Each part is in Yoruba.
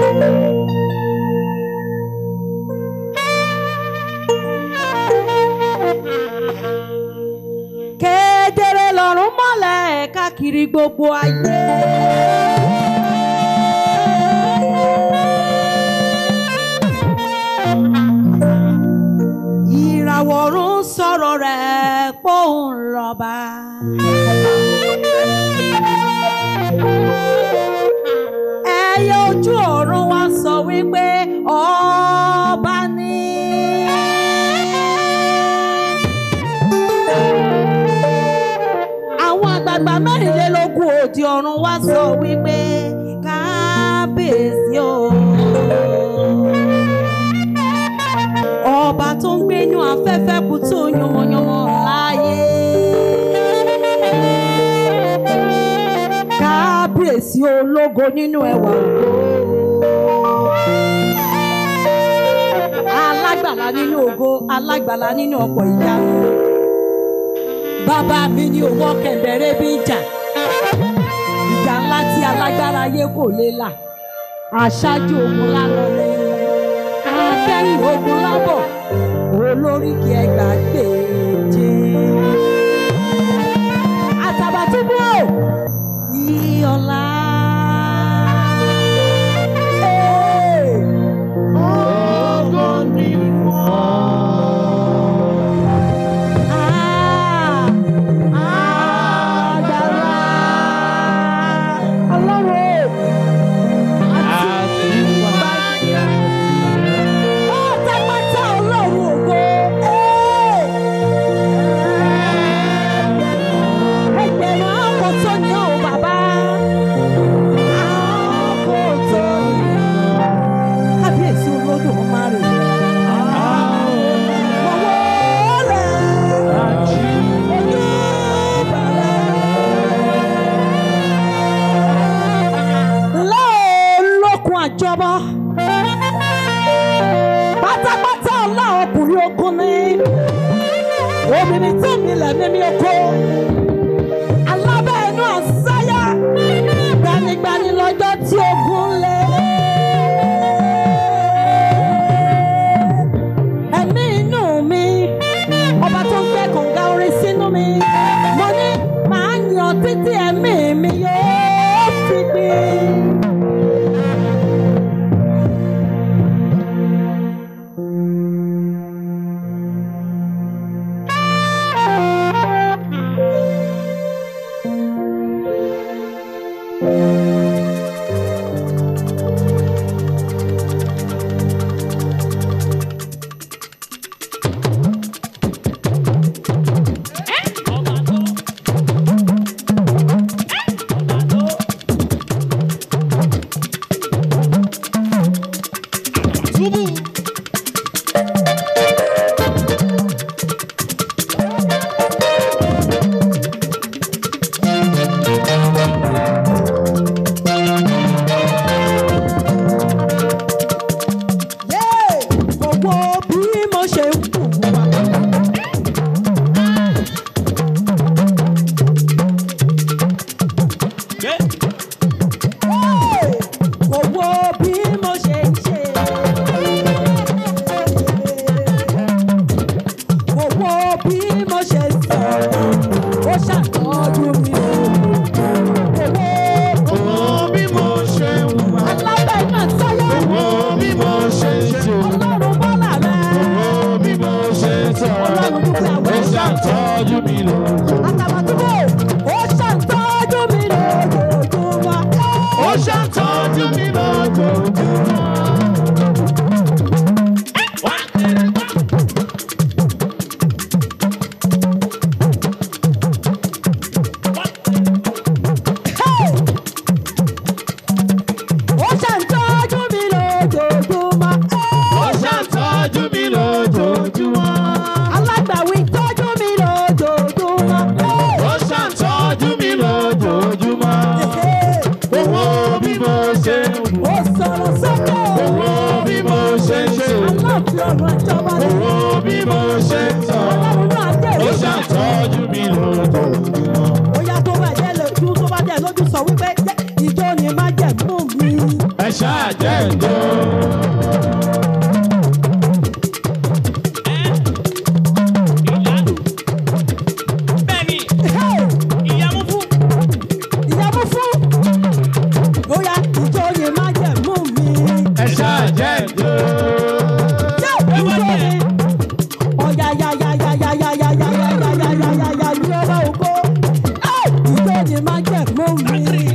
kedere lọ́rùn mọ́lẹ̀ káàkiri gbogbo ayé. ìràwọ̀ ọ̀run sọ̀rọ̀ rẹ̀ pòun rọ̀bà. wípé ọba ni. àwọn àgbààgbà mẹ́rìnlélógún òdi ọ̀run wá sọ wípé kábíyèsí o. ọba tó ń gbé yún afẹ́fẹ́ kú tó yànmọ̀yànmọ̀ láàyè. kábíyèsí ológo nínú ẹwà ògo. alágbára nínú ògo alágbára nínú ọ̀pọ̀ ìyanu. bàbá mi ni òwò kẹ̀mbẹ̀rẹ̀ bí ń jà ìjà ńlá tí alágbára ayé kò lè là aṣáájú ogun lálọ́ ni akẹ́yìn ogun lábọ̀ olóríkì ẹgbàgbé jẹ́. Àtàbàtúbú ì ọ̀la. ṣàtọ́jú mi lọ́jọ́ òjò. Move me.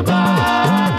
bye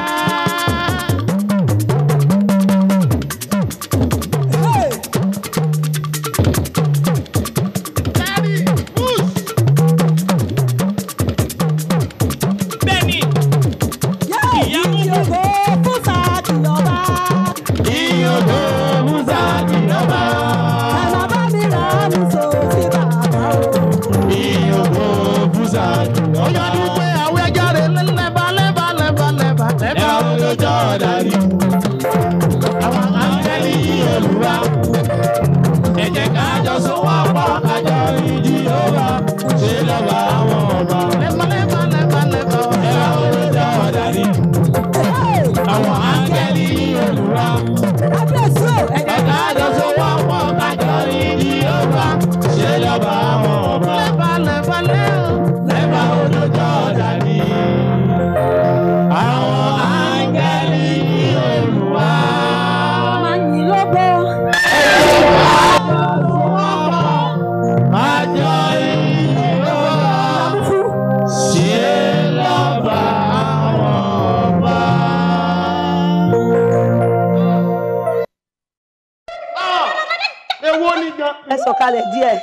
ẹ sọ̀kalẹ̀ díẹ̀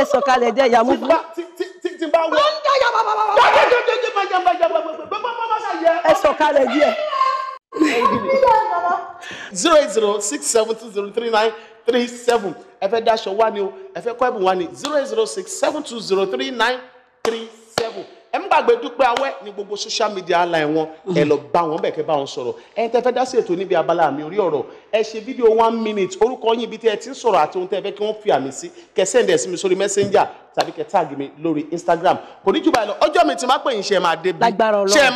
ẹ sọ̀kalẹ̀ díẹ̀ ìyàwó fún. zero eight zero six seven two zero three nine three seven ẹ fẹ́ dáṣọ wá ni o ẹ fẹ́ kọ́ ẹ̀bùn ni zero eight zero six seven two zero three nine three seven ẹ ń gbàgbé dúpẹ́ awẹ́ ní gbogbo social media line wọn ẹ lọ bá wọn bẹ̀kẹ́ bá wọn sọ̀rọ̀ ẹ tẹ́ fẹ́ dá sí ètò níbi abala àmì orí ọ̀rọ̀ ẹ ṣe fídíò one minute orúkọ yín ibi tí ẹ ti ń sọ̀rọ̀ àti ohun tẹ́ ẹ fẹ́ kí wọ́n fi àmì sí kẹ́ send ẹ̀ sí mi sórí messenger tàbí kẹ́ tag mi lórí instagram kò ní jù báyìí lọ ọjọ́ mi ti máa pè yín ṣe máa dé bí ṣe